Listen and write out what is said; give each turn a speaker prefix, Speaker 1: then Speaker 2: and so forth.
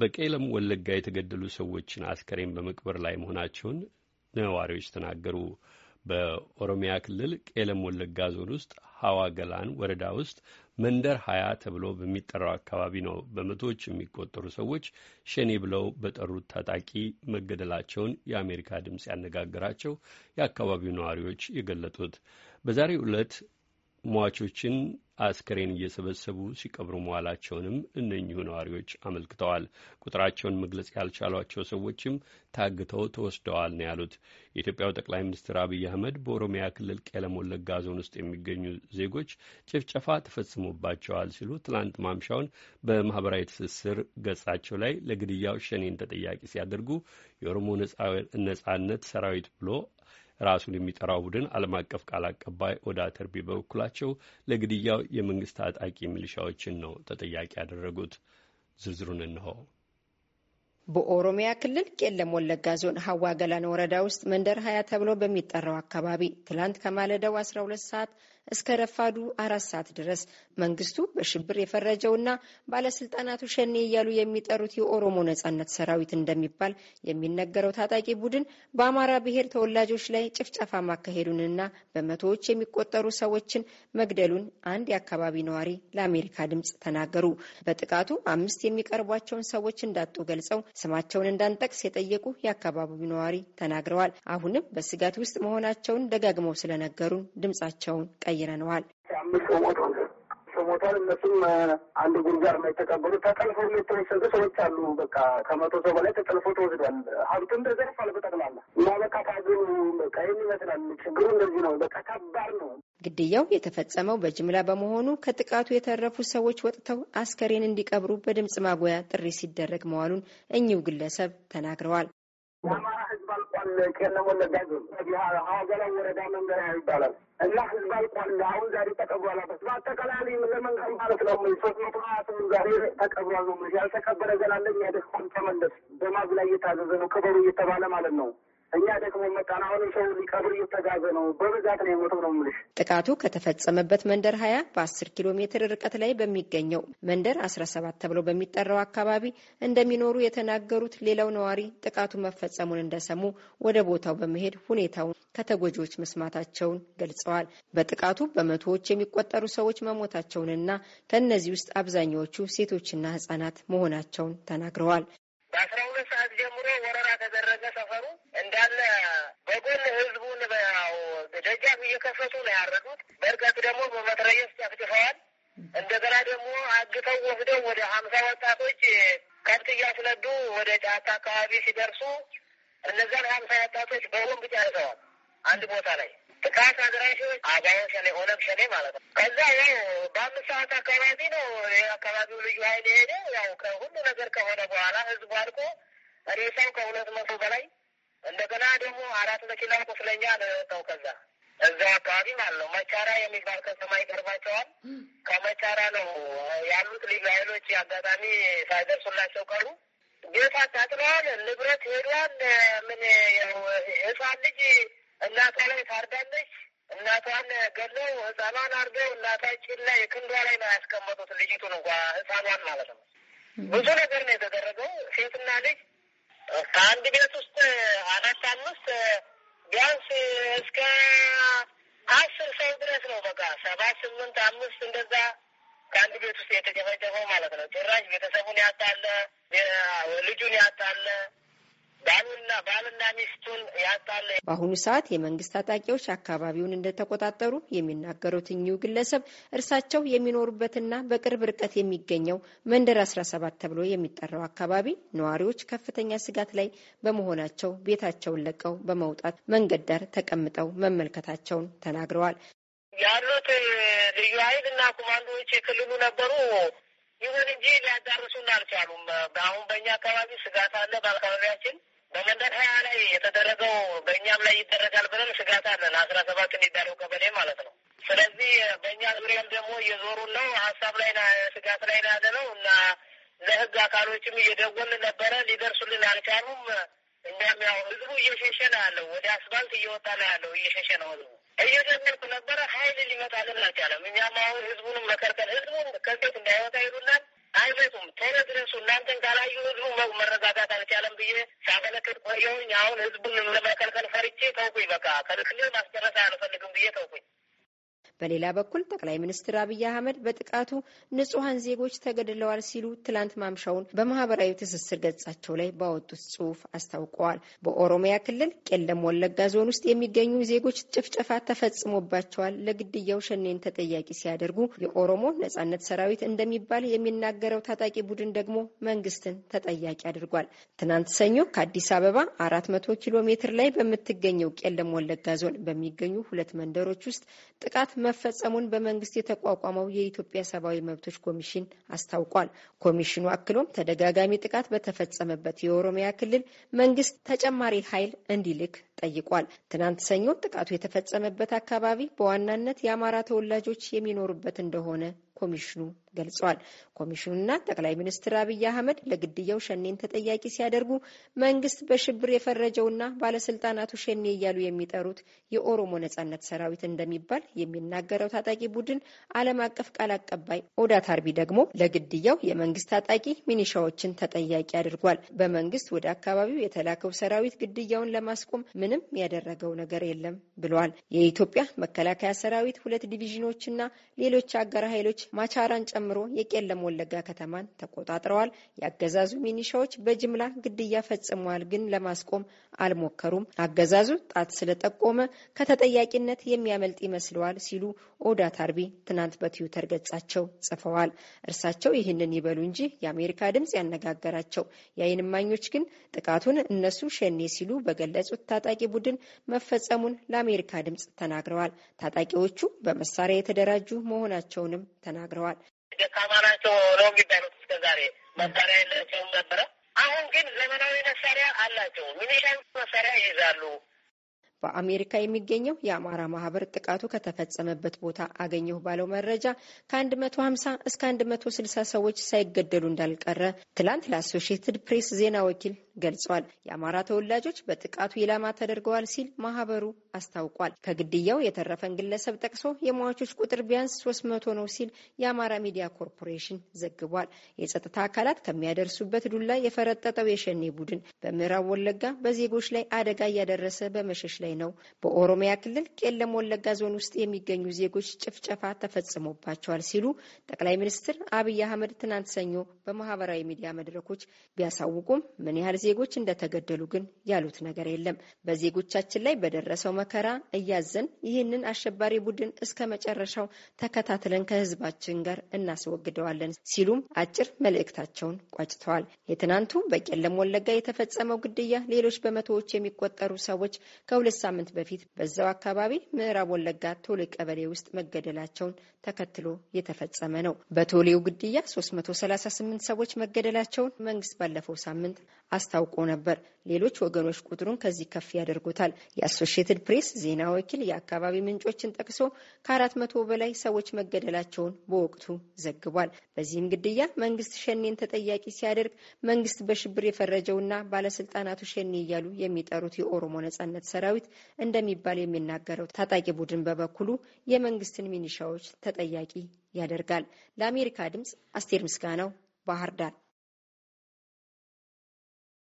Speaker 1: በቄለም ወለጋ የተገደሉ ሰዎችን አስከሬን በመቅበር ላይ መሆናቸውን ነዋሪዎች ተናገሩ። በኦሮሚያ ክልል ቄለም ወለጋ ዞን ውስጥ ሀዋ ገላን ወረዳ ውስጥ መንደር ሀያ ተብሎ በሚጠራው አካባቢ ነው በመቶዎች የሚቆጠሩ ሰዎች ሸኔ ብለው በጠሩት ታጣቂ መገደላቸውን የአሜሪካ ድምፅ ያነጋገራቸው የአካባቢው ነዋሪዎች የገለጡት። በዛሬው ዕለት ሟቾችን አስከሬን እየሰበሰቡ ሲቀብሩ መዋላቸውንም እነኚሁ ነዋሪዎች አመልክተዋል። ቁጥራቸውን መግለጽ ያልቻሏቸው ሰዎችም ታግተው ተወስደዋል ነው ያሉት። የኢትዮጵያው ጠቅላይ ሚኒስትር አብይ አህመድ በኦሮሚያ ክልል ቄለም ወለጋ ዞን ውስጥ የሚገኙ ዜጎች ጭፍጨፋ ተፈጽሞባቸዋል ሲሉ ትናንት ማምሻውን በማህበራዊ ትስስር ገጻቸው ላይ ለግድያው ሸኔን ተጠያቂ ሲያደርጉ የኦሮሞ ነጻነት ሰራዊት ብሎ ራሱን የሚጠራው ቡድን ዓለም አቀፍ ቃል አቀባይ ኦዳ ተርቢ በበኩላቸው ለግድያው የመንግስት ታጣቂ ሚሊሻዎችን ነው ተጠያቂ ያደረጉት። ዝርዝሩን እንሆ።
Speaker 2: በኦሮሚያ ክልል ቄለም ወለጋ ዞን ሀዋ ገላን ወረዳ ውስጥ መንደር ሀያ ተብሎ በሚጠራው አካባቢ ትላንት ከማለዳው 12 ሰዓት እስከ ረፋዱ አራት ሰዓት ድረስ መንግስቱ በሽብር የፈረጀውና ባለስልጣናቱ ሸኔ እያሉ የሚጠሩት የኦሮሞ ነጻነት ሰራዊት እንደሚባል የሚነገረው ታጣቂ ቡድን በአማራ ብሔር ተወላጆች ላይ ጭፍጨፋ ማካሄዱንና በመቶዎች የሚቆጠሩ ሰዎችን መግደሉን አንድ የአካባቢ ነዋሪ ለአሜሪካ ድምፅ ተናገሩ። በጥቃቱ አምስት የሚቀርቧቸውን ሰዎች እንዳጡ ገልጸው ስማቸውን እንዳንጠቅስ የጠየቁ የአካባቢው ነዋሪ ተናግረዋል። አሁንም በስጋት ውስጥ መሆናቸውን ደጋግመው ስለነገሩን ድምጻቸውን ቀይ አየነነዋል።
Speaker 3: ሞቷል እነሱም አንድ ጉርጋር ነው የተቀበሉት። ተጠልፎ የተወሰዱ ሰዎች አሉ። በቃ ከመቶ ሰው በላይ ተጠልፎ ተወስዷል። ሀብቱ ተዘርፏል በጠቅላላ እና በቃ ታዝኑ በቃ ይህን ይመስላል። ችግሩ እንደዚህ ነው። በቃ ከባድ ነው።
Speaker 2: ግድያው የተፈጸመው በጅምላ በመሆኑ ከጥቃቱ የተረፉ ሰዎች ወጥተው አስከሬን እንዲቀብሩ በድምፅ ማጉያ ጥሪ ሲደረግ መዋሉን እኚው ግለሰብ ተናግረዋል። የአማራ
Speaker 3: ይባላል። ወረዳ መንገራ ይባላል እና ህዝብ አልቋል። አሁን ዛሬ ተቀብሯል። በአጠቃላይ ለመንገር ማለት ነው ሶስት መቶ ሀያ ስምንት ዛሬ ተቀብሯል ነው ያልተቀበረ ገና ለኛ ተመለስ በማዝ ላይ እየታዘዘ ነው ክበሩ እየተባለ ማለት ነው እኛ ደግሞ መጣን። አሁንም ሰው ሊቀብር እየተጋዘ ነው። በብዛት ነው የሞተው ነው የምልሽ።
Speaker 2: ጥቃቱ ከተፈጸመበት መንደር ሀያ በአስር ኪሎ ሜትር ርቀት ላይ በሚገኘው መንደር አስራ ሰባት ተብሎ በሚጠራው አካባቢ እንደሚኖሩ የተናገሩት ሌላው ነዋሪ ጥቃቱ መፈጸሙን እንደሰሙ ወደ ቦታው በመሄድ ሁኔታውን ከተጎጂዎች መስማታቸውን ገልጸዋል። በጥቃቱ በመቶዎች የሚቆጠሩ ሰዎች መሞታቸውንና ከእነዚህ ውስጥ አብዛኛዎቹ ሴቶችና ሕጻናት መሆናቸውን ተናግረዋል።
Speaker 3: በአስራ ሁለት ሰዓት እየከሰሱ ነው ያረዱት። በርቀት ደግሞ በመትረየስ ጨፍጭፈዋል። እንደገና ደግሞ አግተው ወስደው ወደ ሀምሳ ወጣቶች ከብት እያስለዱ ወደ ጫካ አካባቢ ሲደርሱ እነዛን ሀምሳ ወጣቶች በቦምብ ጨርሰዋል። አንድ ቦታ ላይ ጥቃት አድራሾች አባይ ሸኔ፣ ኦነግ ሸኔ ማለት ነው። ከዛ ያው በአምስት ሰዓት አካባቢ ነው የአካባቢው ልዩ ኃይል ሄደ። ያው ከሁሉ ነገር ከሆነ በኋላ ህዝቡ አልቆ ሬሳው ከሁለት መቶ በላይ እንደገና ደግሞ አራት መኪና ቁስለኛ ነው የወጣው ከዛ እዛ አካባቢ ማለት ነው። መቻራ የሚባል ከተማ ይቀርባቸዋል። ከመቻራ ነው ያሉት ልዩ ኃይሎች አጋጣሚ ሳይደርሱላቸው ቀሩ። ቤት አቃጥለዋል፣ ንብረት ሄዷል። ምን ህፃን ልጅ እናቷ ላይ ታርዳለች። እናቷን ገለው ህፃኗን አርገው እናታችን ላይ ክንዷ ላይ ነው ያስቀመጡት። ልጅቱን እንኳ ህፃኗን ማለት ነው። ብዙ ነገር ነው የተደረገው። ሴትና ልጅ ከአንድ ቤት ውስጥ አራት አምስት ቢያንስ እስከ አስር ሰው ድረስ ነው። በቃ ሰባት ስምንት አምስት እንደዛ ከአንድ ቤት ውስጥ የተጨፈጨፈው
Speaker 2: ማለት ነው። ጭራሽ ቤተሰቡን ያጣለ
Speaker 3: ልጁን ያጣለ ባልና
Speaker 2: ሚስቱን ያጣለ። በአሁኑ ሰዓት የመንግስት ታጣቂዎች አካባቢውን እንደተቆጣጠሩ የሚናገሩት እኚሁ ግለሰብ እርሳቸው የሚኖሩበትና በቅርብ ርቀት የሚገኘው መንደር 17 ተብሎ የሚጠራው አካባቢ ነዋሪዎች ከፍተኛ ስጋት ላይ በመሆናቸው ቤታቸውን ለቀው በመውጣት መንገድ ዳር ተቀምጠው መመልከታቸውን ተናግረዋል።
Speaker 3: ያሉት ልዩ ኃይል እና ኮማንዶዎች የክልሉ ነበሩ። ይሁን እንጂ ሊያዳርሱን አልቻሉም። አሁን በእኛ አካባቢ ስጋት አለ በአካባቢያችን በመንደርያ ላይ የተደረገው በእኛም ላይ ይደረጋል ብለን ስጋት አለን። አስራ ሰባት የሚባለው ቀበሌ ማለት ነው። ስለዚህ በእኛ ዙሪያም ደግሞ እየዞሩ ነው። ሀሳብ ላይ ስጋት ላይ ያለ ነው እና ለህግ አካሎችም እየደወልን ነበረ፣ ሊደርሱልን አልቻሉም። እኛም ያው ህዝቡ እየሸሸ ነው ያለው፣ ወደ አስፋልት እየወጣ ነው ያለው፣ እየሸሸ ነው ህዝቡ። እየደመልኩ ነበረ፣ ሀይል ሊመጣልን አልቻለም። እኛም አሁን ህዝቡንም መከልከል ህዝቡ ከሴት እንዳይወጣ ይሉናል አይፈቱም። ቶሎ ድረሱ። እናንተን ካላዩ ህዝቡ መረጋጋት አልቻለም ብዬ ሳገለክል ቆየሁኝ። አሁን ህዝቡን ለመከልከል ፈርቼ ተውኩኝ። በቃ ከልክል ማስጨረሳ አልፈልግም ብዬ ተውኩኝ።
Speaker 2: በሌላ በኩል ጠቅላይ ሚኒስትር አብይ አህመድ በጥቃቱ ንጹሐን ዜጎች ተገድለዋል ሲሉ ትላንት ማምሻውን በማህበራዊ ትስስር ገጻቸው ላይ ባወጡት ጽሁፍ አስታውቀዋል። በኦሮሚያ ክልል ቄለም ወለጋ ዞን ውስጥ የሚገኙ ዜጎች ጭፍጨፋ ተፈጽሞባቸዋል። ለግድያው ሸኔን ተጠያቂ ሲያደርጉ የኦሮሞ ነጻነት ሰራዊት እንደሚባል የሚናገረው ታጣቂ ቡድን ደግሞ መንግስትን ተጠያቂ አድርጓል። ትናንት ሰኞ ከአዲስ አበባ አራት መቶ ኪሎ ሜትር ላይ በምትገኘው ቄለም ወለጋ ዞን በሚገኙ ሁለት መንደሮች ውስጥ ጥቃት መፈጸሙን በመንግስት የተቋቋመው የኢትዮጵያ ሰብአዊ መብቶች ኮሚሽን አስታውቋል። ኮሚሽኑ አክሎም ተደጋጋሚ ጥቃት በተፈጸመበት የኦሮሚያ ክልል መንግስት ተጨማሪ ኃይል እንዲልክ ጠይቋል። ትናንት ሰኞ ጥቃቱ የተፈጸመበት አካባቢ በዋናነት የአማራ ተወላጆች የሚኖሩበት እንደሆነ ኮሚሽኑ ገልጿል። ኮሚሽኑና ጠቅላይ ሚኒስትር አብይ አህመድ ለግድያው ሸኔን ተጠያቂ ሲያደርጉ መንግስት በሽብር የፈረጀውና ባለስልጣናቱ ሸኔ እያሉ የሚጠሩት የኦሮሞ ነጻነት ሰራዊት እንደሚባል የሚናገረው ታጣቂ ቡድን ዓለም አቀፍ ቃል አቀባይ ኦዳ ታርቢ ደግሞ ለግድያው የመንግስት ታጣቂ ሚኒሻዎችን ተጠያቂ አድርጓል። በመንግስት ወደ አካባቢው የተላከው ሰራዊት ግድያውን ለማስቆም ምንም ያደረገው ነገር የለም ብለዋል። የኢትዮጵያ መከላከያ ሰራዊት ሁለት ዲቪዥኖችና ሌሎች አጋር ኃይሎች ማቻራን ጨምሮ የቄለም ወለጋ ከተማን ተቆጣጥረዋል። የአገዛዙ ሚኒሻዎች በጅምላ ግድያ ፈጽመዋል፣ ግን ለማስቆም አልሞከሩም፣ አገዛዙ ጣት ስለጠቆመ ከተጠያቂነት የሚያመልጥ ይመስለዋል ሲሉ ኦዳ ታርቢ ትናንት በትዊተር ገጻቸው ጽፈዋል። እርሳቸው ይህንን ይበሉ እንጂ የአሜሪካ ድምጽ ያነጋገራቸው የዓይን እማኞች ግን ጥቃቱን እነሱ ሸኔ ሲሉ በገለጹት ታጣቂ ቡድን መፈጸሙን ለአሜሪካ ድምጽ ተናግረዋል። ታጣቂዎቹ በመሳሪያ የተደራጁ መሆናቸውንም ተናግረዋል።
Speaker 3: ደካማ ናቸው ነው የሚባሉት እስከዛሬ መሳሪያ የለቸውም ነበረ አሁን ግን ዘመናዊ መሳሪያ አላቸው። ሚሊሻዊ መሳሪያ ይይዛሉ።
Speaker 2: በአሜሪካ የሚገኘው የአማራ ማህበር ጥቃቱ ከተፈጸመበት ቦታ አገኘሁ ባለው መረጃ ከ150 እስከ 160 ሰዎች ሳይገደሉ እንዳልቀረ ትላንት ለአሶሽትድ ፕሬስ ዜና ወኪል ገልጿል። የአማራ ተወላጆች በጥቃቱ ኢላማ ተደርገዋል ሲል ማህበሩ አስታውቋል። ከግድያው የተረፈን ግለሰብ ጠቅሶ የሟቾች ቁጥር ቢያንስ ሶስት መቶ ነው ሲል የአማራ ሚዲያ ኮርፖሬሽን ዘግቧል። የጸጥታ አካላት ከሚያደርሱበት ዱላ የፈረጠጠው የሸኔ ቡድን በምዕራብ ወለጋ በዜጎች ላይ አደጋ እያደረሰ በመሸሽ ላይ ነው። በኦሮሚያ ክልል ቄለም ወለጋ ዞን ውስጥ የሚገኙ ዜጎች ጭፍጨፋ ተፈጽሞባቸዋል ሲሉ ጠቅላይ ሚኒስትር አብይ አህመድ ትናንት ሰኞ በማህበራዊ ሚዲያ መድረኮች ቢያሳውቁም ምን ያህል ዜጎች እንደተገደሉ ግን ያሉት ነገር የለም። በዜጎቻችን ላይ በደረሰው መከራ እያዘን ይህንን አሸባሪ ቡድን እስከ መጨረሻው ተከታትለን ከህዝባችን ጋር እናስወግደዋለን ሲሉም አጭር መልእክታቸውን ቋጭተዋል። የትናንቱ በቄለም ወለጋ የተፈጸመው ግድያ ሌሎች በመቶዎች የሚቆጠሩ ሰዎች ከሁለት ሳምንት በፊት በዛው አካባቢ ምዕራብ ወለጋ ቶሌ ቀበሌ ውስጥ መገደላቸውን ተከትሎ የተፈጸመ ነው። በቶሌው ግድያ 338 ሰዎች መገደላቸውን መንግስት ባለፈው ሳምንት አስታ አስታውቆ ነበር። ሌሎች ወገኖች ቁጥሩን ከዚህ ከፍ ያደርጉታል። የአሶሺየትድ ፕሬስ ዜና ወኪል የአካባቢ ምንጮችን ጠቅሶ ከአራት መቶ በላይ ሰዎች መገደላቸውን በወቅቱ ዘግቧል። በዚህም ግድያ መንግስት ሸኔን ተጠያቂ ሲያደርግ መንግስት በሽብር የፈረጀውና ባለስልጣናቱ ሸኔ እያሉ የሚጠሩት የኦሮሞ ነጻነት ሰራዊት እንደሚባል የሚናገረው ታጣቂ ቡድን በበኩሉ የመንግስትን ሚኒሻዎች ተጠያቂ ያደርጋል። ለአሜሪካ ድምጽ አስቴር ምስጋናው ባህር ዳር